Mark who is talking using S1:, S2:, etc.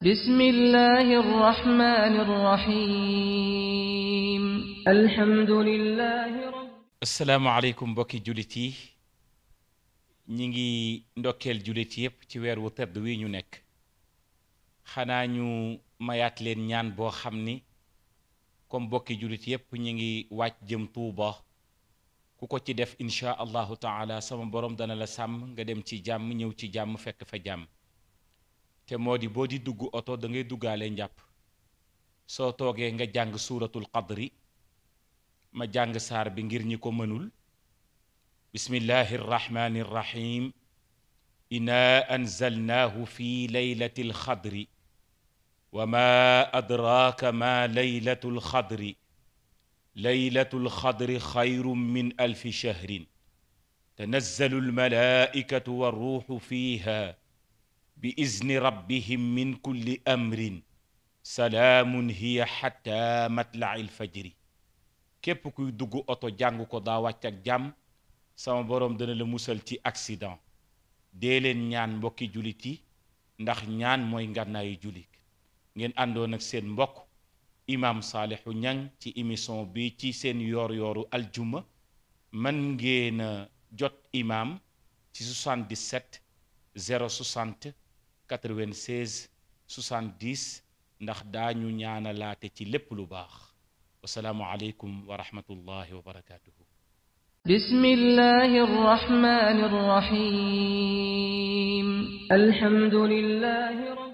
S1: بسم الله الرحمن الرحيم الحمد لله
S2: ngi ndokkeel jullit yépp ci weer wu tedd wi ñu nekk xanaa ñu mayaat leen ñaan boo xam ni comme bokki jullit yépp ñu ngi wàcc jëm tuuba ku ko ci def insha allahu taala sama borom dana la sàmm nga dem ci jàmm ñëw ci jàmm fekk fa jàmm te moo di boo di dugg oto da ngay duggaale njàpp soo toogee nga jàng suuratul qadri ma jàng saar bi ngir ñi ko mënul bismillahi arrahmani irrahim ina anzalnaahu fi leylati alxadri wa ma adraka ma leylatu alxadri leylatu alxadri xayru min alfi shahrin tanazzalu almalaikatu wa ruuxu fiha bi izni rabbihim min kulli amrin salaamun hiya xatta matlail fajri képp kuy dugg oto jàng ko daa wàcc ak jàmm sama boroom dana la musal ci accident dee leen ñaan mbokki jullit yi ndax ñaan mooy ngànnaayu jullit ngeen àndoon ak seen mbokk imaam Saalihu Ñang ci émission bi ci seen yoor yooru aljuma man ngeen jot imaam ci 77 060 96 70 ndax daañu ñaanalaate ci lépp lu baax wasalaamualeykum wa rahmatullahi wa barakaatuhu.
S1: bismillahi rahmaani